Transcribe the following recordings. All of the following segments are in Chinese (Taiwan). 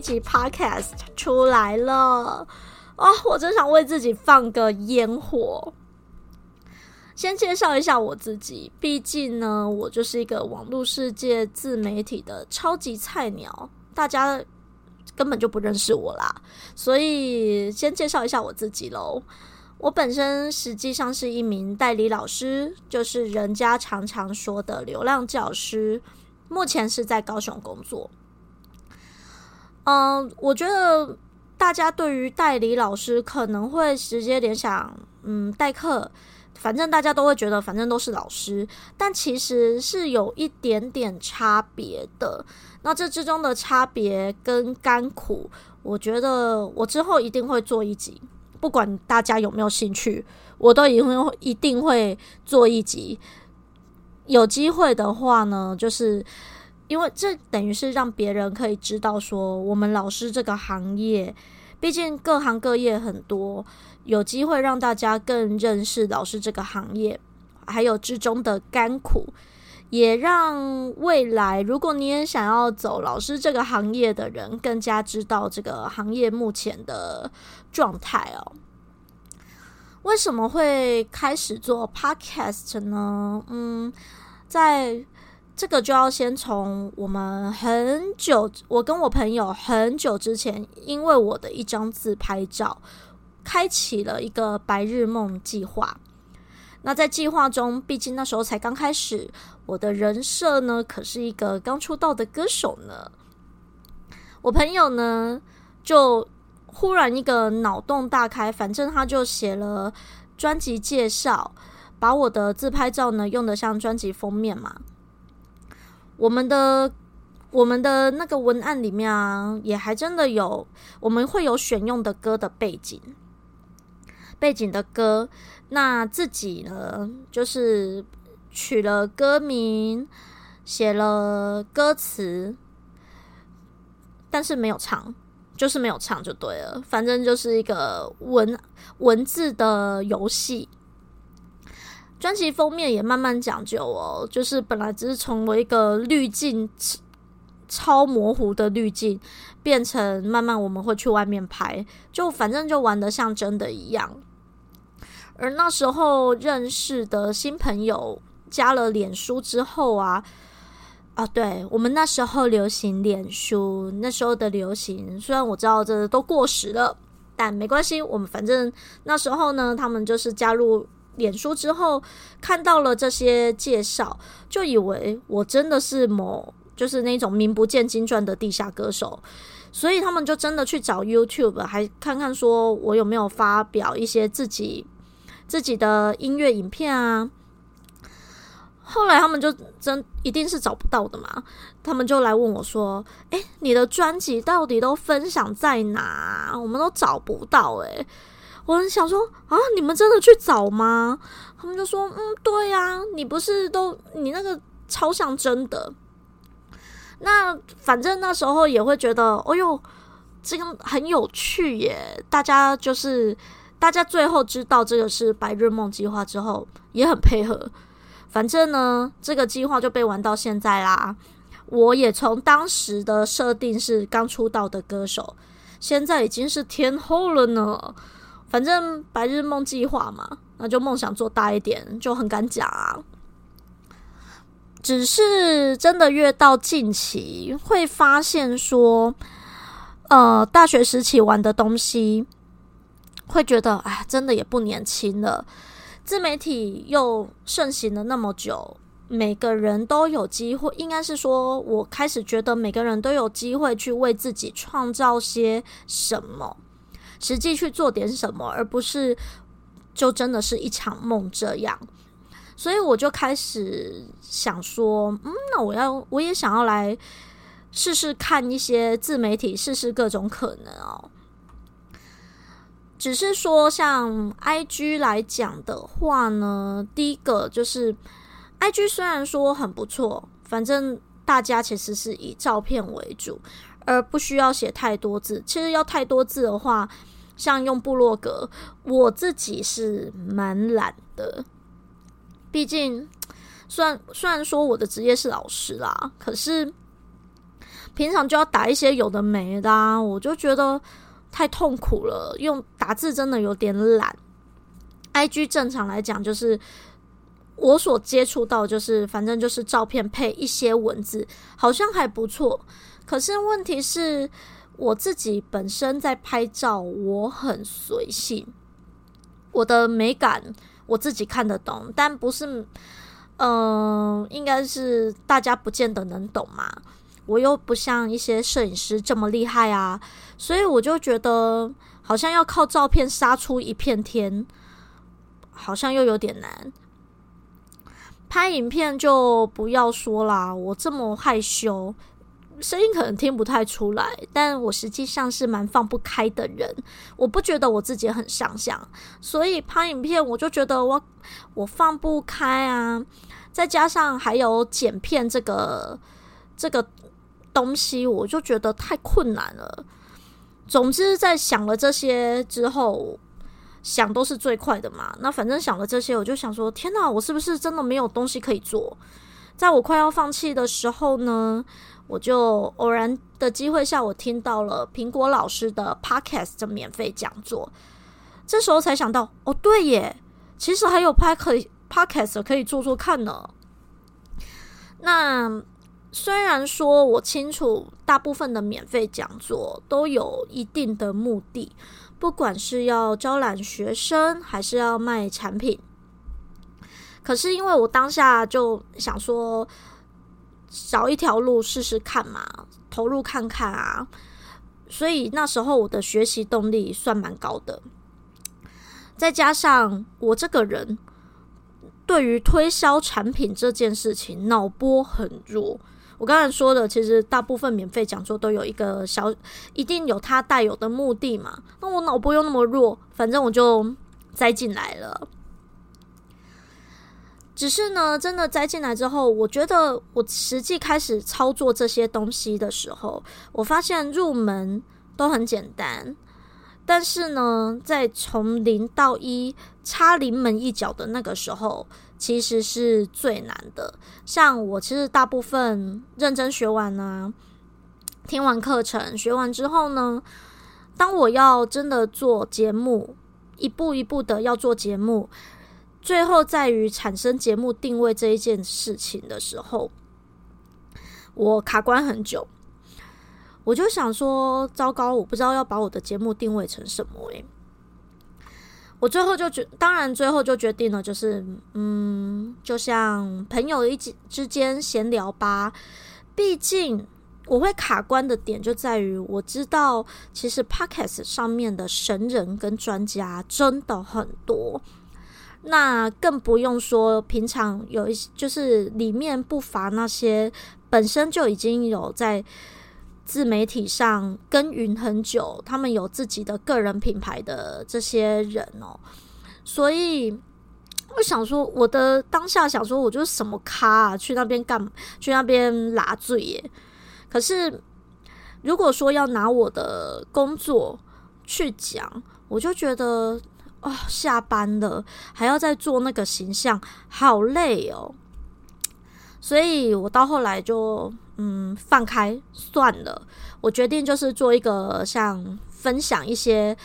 一集 podcast 出來了啊！Oh, 我真想為自己放個煙火。先介紹一下我自己，畢竟呢，我就是一個網絡世界自媒體的超級菜鳥，大家根本就不認識我啦。所以先介紹一下我自己咯，我本身實際上是一名代理老師，就是人家常常說的流浪教師，目前是在高雄工作。嗯，我覺得大家對於代理老師可能會直接聯想，嗯，代課，反正大家都會覺得，反正都是老師，但其實是有一點點差別的。那這之中的差別跟甘苦，我覺得我之後一定會做一集，不管大家有沒有興趣，我都一定一定會做一集。有機會的話呢，就是。因為這等於是讓別人可以知道說，我們老師這個行業，畢竟各行各業很多，有機會讓大家更認識老師這個行業，還有之中的甘苦，也讓未來如果你也想要走老師這個行業的人，更加知道這個行業目前的狀態哦。為什麼會開始做 podcast 呢？嗯，在。這個就要先從我們很久，我跟我朋友很久之前，因為我的一張自拍照，開啟了一個白日夢計劃。那在計劃中，畢竟那時候才剛開始，我的人設呢，可是一個剛出道的歌手呢。我朋友呢，就忽然一個腦洞大開，反正他就寫了專輯介紹，把我的自拍照呢用得像專輯封面嘛。我們的我們的那個文案裡面啊，也還真的有，我們會有選用的歌的背景，背景的歌。那自己呢，就是取了歌名，寫了歌詞，但是沒有唱，就是沒有唱就對了，反正就是一個文文字的遊戲。專輯封面也慢慢講究哦，就是本來只是從一個濾鏡，超模糊的濾鏡，變成慢慢我們會去外面拍，就反正就玩得像真的一樣。而那時候認識的新朋友加了臉書之後啊，啊對，對我們那時候流行臉書，那時候的流行，雖然我知道這都過時了，但沒關係，我們反正那時候呢，他們就是加入。臉書之後看到了這些介紹，就以為我真的是某就是那種名不見經傳的地下歌手，所以他們就真的去找 YouTube，還看看說我有沒有發表一些自己自己的音樂影片啊。後來他們就真一定是找不到的嘛，他們就來問我說：“誒，你的專輯到底都分享在哪？我們都找不到欸。”哎。我很想說啊，你們真的去找嗎？他們就說嗯，對呀，你不是都你那個超像真的。那反正那時候也會覺得，哎喲，這個很有趣耶！大家就是大家最後知道這個是白日夢計劃之後，也很配合。反正呢，這個計劃就被玩到現在啦。我也從當時的設定是剛出道的歌手，現在已經是天后了呢。反正白日夢計劃嘛，那就夢想做大一點，就很敢講啊。只是真的越到近期，會發現說，呃，大學時期玩的東西，會覺得，哎，真的也不年輕了。自媒體又盛行了那麼久，每個人都有機會，應該是說，我開始覺得每個人都有機會去為自己創造些什麼。實際去做點什麼，而不是就真的是一場夢這樣。所以我就開始想說，嗯，那我要我也想要來試試看一些自媒體，試試各種可能哦。只是說，像 IG 來講的話呢，第一個就是 IG 雖然說很不錯，反正大家其實是以照片為主，而不需要寫太多字。其實要太多字的話。像用部落格，我自己是蠻懶的。畢竟，雖然雖然說我的職業是老師啦，可是平常就要打一些有的沒的啊，我就覺得太痛苦了。用打字真的有點懶。IG 正常來講就是我所接觸到就是反正就是照片配一些文字，好像還不錯。可是問題是。我自己本身在拍照，我很隨性，我的美感我自己看得懂，但不是，嗯、呃，應該是大家不見得能懂嘛。我又不像一些攝影師這麼厲害啊，所以我就覺得好像要靠照片殺出一片天，好像又有點難。拍影片就不要說啦，我這麼害羞。聲音可能聽不太出來，但我實際上是蠻放不開的人。我不覺得我自己很上相，所以拍影片我就覺得我我放不開啊。再加上還有剪片這個這個東西，我就覺得太困難了。總之，在想了這些之後，想都是最快的嘛。那反正想了這些，我就想說：天哪，我是不是真的沒有東西可以做？在我快要放棄的時候呢，我就偶然的機會下，我聽到了蘋果老師的 podcast 的免費講座，這時候才想到，哦，對耶，其實還有 podcast 可以做做看呢。那雖然說我清楚大部分的免費講座都有一定的目的，不管是要招攬學生，還是要賣產品，可是因為我當下就想說，找一條路試試看嘛，投入看看啊。所以那時候我的學習動力算蠻高的，再加上我這個人對於推銷產品這件事情腦波很弱。我剛才說的，其實大部分免費講座都有一個小，一定有它帶有的目的嘛。那我腦波又那麼弱，反正我就栽進來了。只是呢，真的栽進來之後，我覺得我實際開始操作這些東西的時候，我發現入門都很簡單，但是呢，在從零到一插臨門一腳的那個時候，其實是最難的。像我其實大部分認真學完呢、啊，聽完課程學完之後呢，當我要真的做節目，一步一步的要做節目。最後在於產生節目定位這一件事情的時候，我卡關很久，我就想說，糟糕，我不知道要把我的節目定位成什麼欸。我最後就決，當然最後就決定了，就是嗯，就像朋友一起之間閒聊吧。畢竟我會卡關的點就在於，我知道其實 Podcast 上面的神人跟專家真的很多。那更不用說，平常有一就是裡面不乏那些本身就已經有在自媒體上耕耘很久，他們有自己的個人品牌的這些人哦、喔。所以我想說，我的當下想說，我就是什麼咖啊，去那邊幹嘛？去那邊拉醉耶？可是如果說要拿我的工作去講，我就覺得。哦，下班了還要再做那個形象，好累哦。所以我到後來就嗯，放開算了，我決定就是做一個像分享一些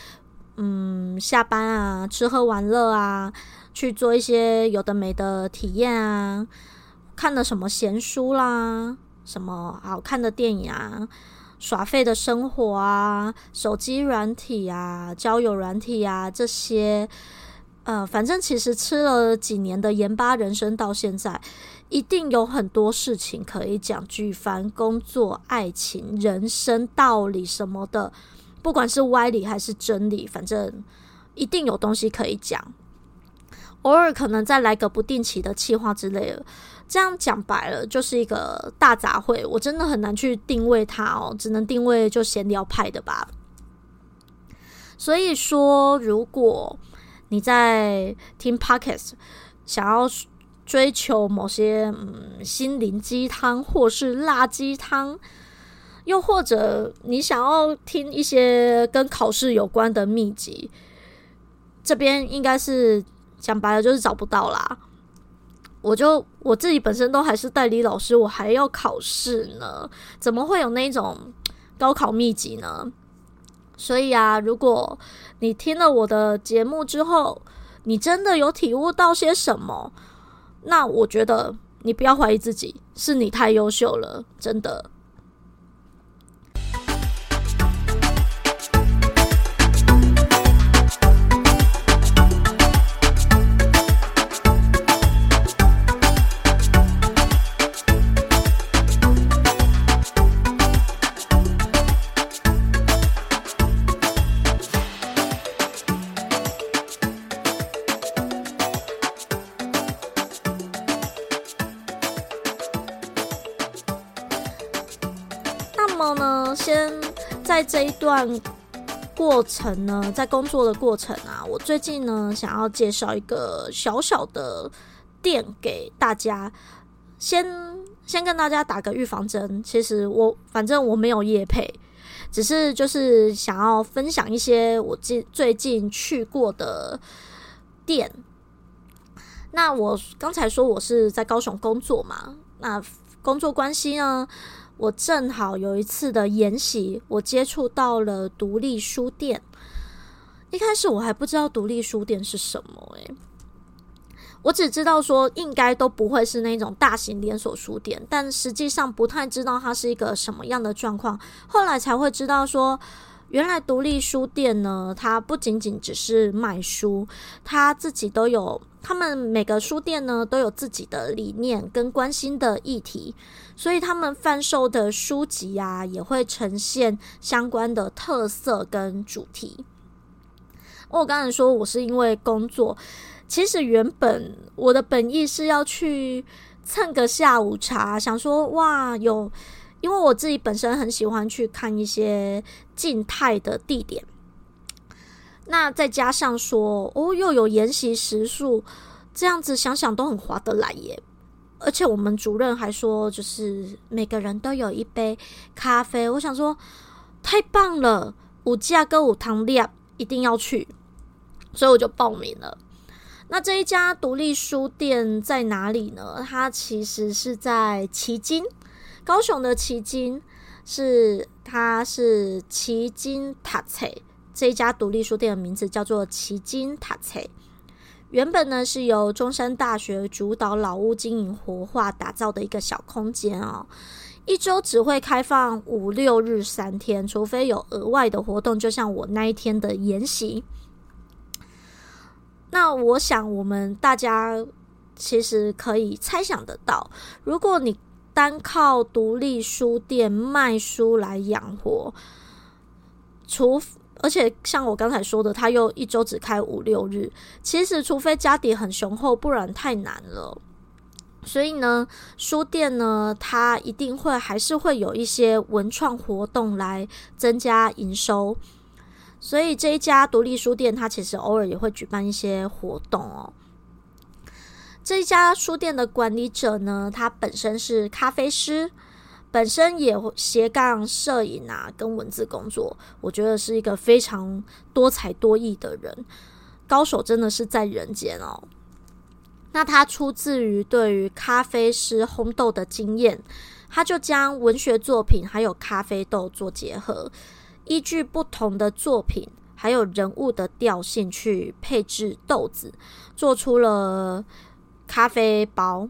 嗯，下班啊、吃喝玩樂啊，去做一些有的沒的體驗啊，看了什麼閒書啦，什麼好看的電影啊。耍廢的生活啊，手機軟體啊，交友軟體啊，這些，呃，反正其實吃了幾年的鹽巴人生，到現在一定有很多事情可以講，舉凡工作、愛情、人生道理什麼的，不管是歪理還是真理，反正一定有東西可以講。偶爾可能再來個不定期的企劃之類的。這樣講白了就是一個大雜燴，我真的很難去定位它哦，只能定位就閒聊派的吧。所以說，如果你在聽 podcast，想要追求某些嗯心靈雞湯或是辣雞湯，又或者你想要聽一些跟考試有關的秘籍，這邊應該是講白了就是找不到啦。我就我自己本身都還是代理老師，我還要考試呢，怎麼會有那種高考秘籍呢？所以啊，如果你聽了我的節目之後，你真的有體悟到些什麼，那我覺得你不要懷疑自己，是你太優秀了，真的。那麼呢，先在這一段過程呢，在工作的過程啊，我最近呢想要介紹一個小小的店給大家。先先跟大家打個預防針，其實我反正我沒有業配，只是就是想要分享一些我近最近去過的店。那我剛才說我是在高雄工作嘛，那工作關係呢，我正好有一次的研習，我接觸到了獨立書店。一開始我還不知道獨立書店是什麼，欸，哎，我只知道說應該都不會是那種大型連鎖書店，但實際上不太知道它是一個什麼樣的狀況。後來才會知道說。原來獨立書店呢，它不僅僅只是賣書，他自己都有，他們每個書店呢都有自己的理念跟關心的議題，所以他們販售的書籍啊，也會呈現相關的特色跟主題。我剛才說我是因為工作，其實原本我的本意是要去蹭個下午茶，想說哇，有。因為我自己本身很喜歡去看一些靜態的地點，那再加上說哦，又有研習食宿，這樣子想想都很划得來耶。而且我們主任還說，就是每個人都有一杯咖啡，我想說太棒了，旗津讀冊店一定要去，所以我就報名了。那這一家獨立書店在哪裡呢？它其實是在旗津。高雄的旗津是，它是旗津 tha̍k 冊，這一家獨立書店的名字叫做旗津 tha̍k 冊。原本呢是由中山大學主導老屋經營活化打造的一個小空間哦，一周只會開放五六日三天，除非有額外的活動，就像我那一天的研習。那我想，我們大家其實可以猜想得到，如果你。單靠獨立書店賣書來養活，除而且像我剛才說的，他又一週只開五六日，其實除非家底很雄厚，不然太難了。所以呢，書店呢，它一定會還是會有一些文創活動來增加營收。所以這一家獨立書店，它其實偶爾也會舉辦一些活動哦。這家書店的管理者呢，他本身是咖啡師，本身也斜槓攝影啊，跟文字工作，我覺得是一個非常多才多藝的人。高手真的是在人間哦、喔。那他出自於對於咖啡師烘豆的經驗，他就將文學作品還有咖啡豆做結合，依據不同的作品還有人物的調性去配置豆子，做出了。咖啡包，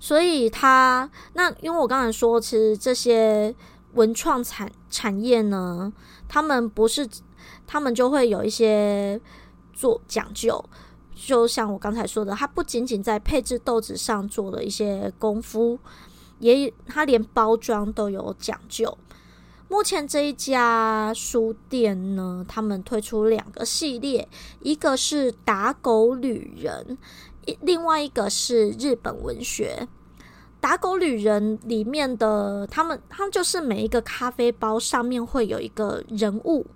所以他那，因為我剛才說，其實這些文創產產業呢，他們不是，他們就會有一些做講究。就像我剛才說的，它不僅僅在配置豆子上做了一些功夫，也它連包裝都有講究。目前這一家書店呢，他們推出兩個系列，一個是打狗旅人。另外一個是日本文學《打狗旅人》裡面的，他們他們就是每一個咖啡包上面會有一個人物。《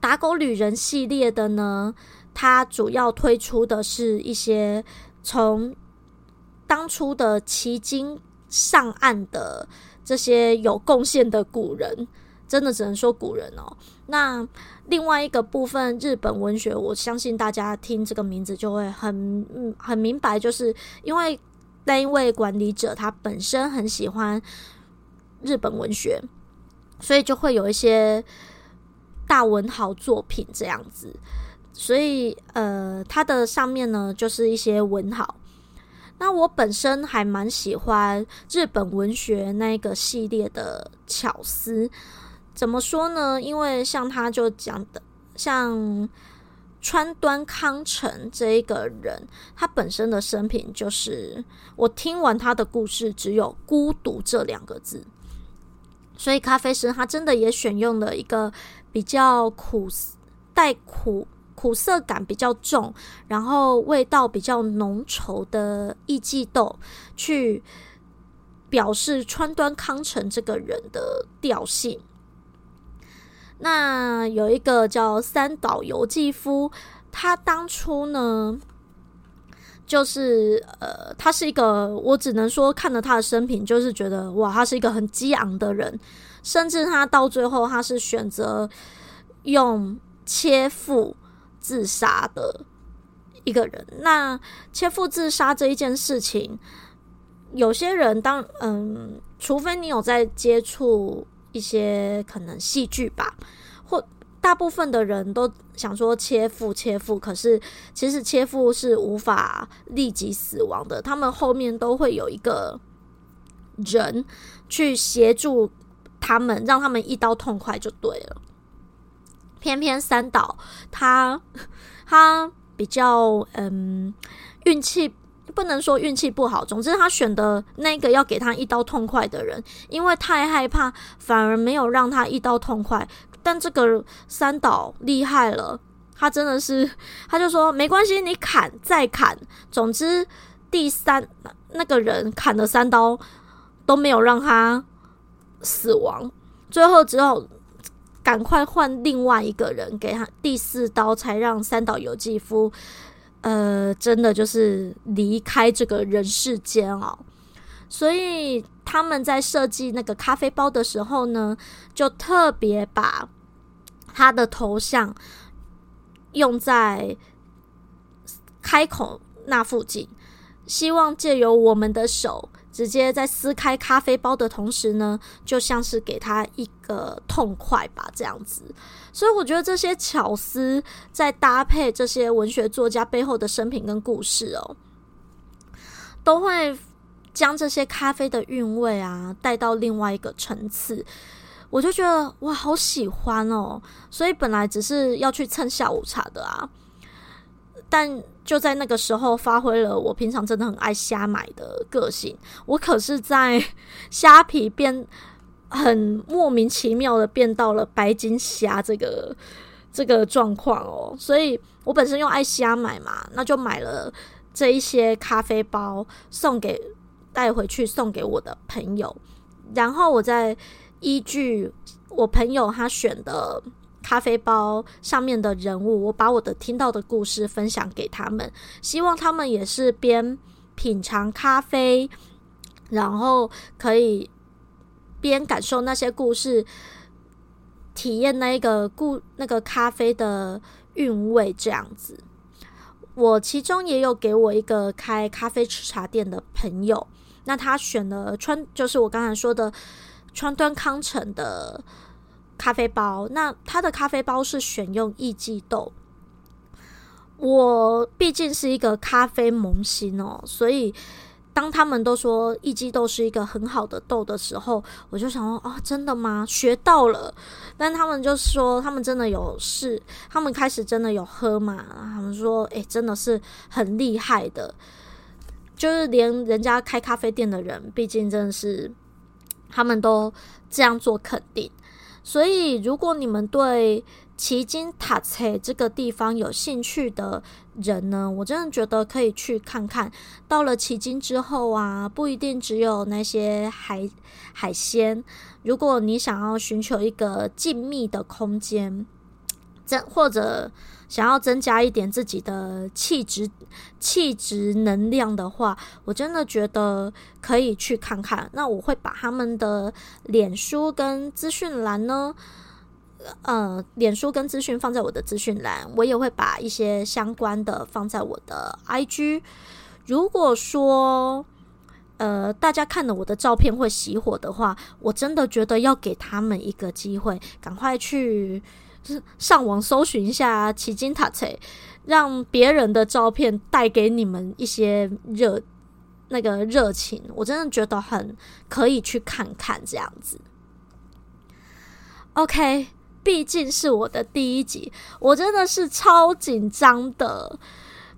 打狗旅人》系列的呢，它主要推出的是一些從當初的旗津上岸的這些有貢獻的古人。真的只能說古人哦、喔。那另外一個部分，日本文學，我相信大家聽這個名字就會很很明白，就是因為那一位管理者他本身很喜歡日本文學，所以就會有一些大文豪作品這樣子。所以呃，他的上面呢，就是一些文豪。那我本身還蠻喜歡日本文學那個系列的巧思。怎麼說呢？因為像他就講的，像川端康成這一個人，他本身的生平就是，我聽完他的故事，只有孤獨這兩個字。所以咖啡師他真的也選用了一個比較苦，帶苦苦澀感比較重，然後味道比較濃稠的義式豆，去表示川端康成這個人的調性。那有一個叫三島由紀夫，他當初呢，就是呃，他是一個，我只能說看了他的生平，就是覺得哇，他是一個很激昂的人，甚至他到最後他是選擇用切腹自殺的一個人。那切腹自殺這一件事情，有些人當嗯、呃，除非你有在接觸，一些可能戲劇吧，或大部分的人都想說切腹，切腹。可是其實切腹是無法立即死亡的，他們後面都會有一個人去協助他們，讓他們一刀痛快就對了。偏偏三島他他比較嗯、運氣。不能說運氣不好，總之他選的那個要給他一刀痛快的人，因為太害怕，反而沒有讓他一刀痛快。但這個三島厲害了，他真的是，他就說沒關係，你砍再砍，總之第三那個人砍了三刀都沒有讓他死亡，最後只有趕快換另外一個人給他第四刀，才讓三島由紀夫，呃，真的就是離開這個人世間哦，所以他們在設計那個咖啡包的時候呢，就特別把他的頭像用在開口那附近，希望借由我們的手，直接在撕開咖啡包的同時呢，就像是給他一個痛快吧，這樣子。所以我覺得這些巧思在搭配這些文學作家背後的生平跟故事哦、喔，都會將這些咖啡的韻味啊帶到另外一個層次。我就覺得哇，好喜歡哦、喔！所以本來只是要去蹭下午茶的啊，但。就在那個時候，發揮了我平常真的很愛瞎買的個性。我可是在蝦皮變很莫名其妙的變到了白金蝦這個這個狀況哦，所以我本身又愛瞎買嘛，那就買了這一些咖啡包，送給帶回去送給我的朋友，然後我再依據我朋友他選的。咖啡包上面的人物，我把我的聽到的故事分享給他們，希望他們也是邊品嘗咖啡，然後可以邊感受那些故事，體驗那個故那個咖啡的韻味。這樣子，我其中也有給我一個開咖啡吃茶店的朋友，那他選了川，就是我剛才說的川端康成的。咖啡包，那他的咖啡包是選用藝伎豆。我畢竟是一個咖啡萌新哦，所以當他們都說藝伎豆是一個很好的豆的時候，我就想說：哦，真的嗎？學到了。但他們就說，他們真的有試，他們開始真的有喝嘛。他們說：哎、欸，真的是很厲害的，就是連人家開咖啡店的人，畢竟真的是他們都這樣做肯定。所以，如果你們對旗津 tha̍k 冊這個地方有興趣的人呢，我真的覺得可以去看看。到了旗津之後啊，不一定只有那些海海鮮。如果你想要尋求一個靜謐的空間。或者想要增加一點自己的氣質、氣質能量的話，我真的覺得可以去看看。那我會把他們的臉書跟資訊欄呢，呃，臉書跟資訊放在我的資訊欄，我也會把一些相關的放在我的 IG。如果說，呃，大家看了我的照片會熄火的話，我真的覺得要給他們一個機會，趕快去。上網搜尋一下旗津 tha̍k 冊，讓別人的照片帶給你們一些熱那個熱情，我真的覺得很可以去看看這樣子。OK，畢竟是我的第一集，我真的是超緊張的。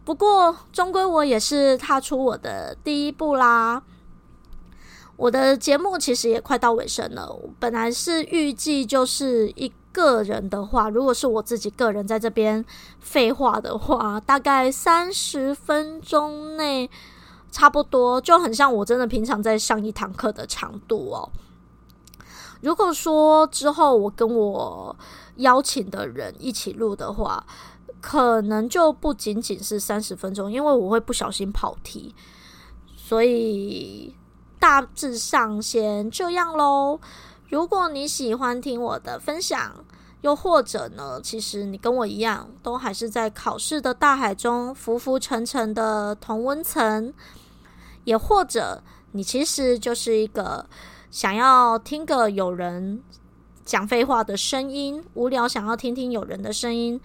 不過終歸我也是踏出我的第一步啦。我的節目其實也快到尾聲了，本來是預計就是一。個人的話，如果是我自己個人在這邊廢話的話，大概三十分鐘內差不多，就很像我真的平常在上一堂課的長度哦。如果說之後我跟我邀請的人一起錄的話，可能就不僅僅是三十分鐘，因為我會不小心跑題，所以大致上先這樣咯。如果你喜歡聽我的分享，又或者呢，其實你跟我一樣，都還是在考試的大海中浮浮沉沉的同溫層，也或者你其實就是一個想要聽個有人講廢話的聲音，無聊想要聽聽有人的聲音，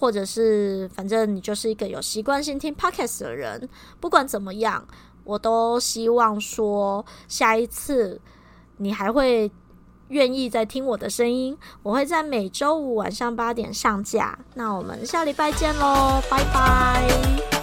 或者是反正你就是一個有習慣性聽 podcast 的人。不管怎麼樣，我都希望說下一次。你還會願意再聽我的聲音？我會在每周五晚上八點上架。那我們下禮拜見嘍，拜拜。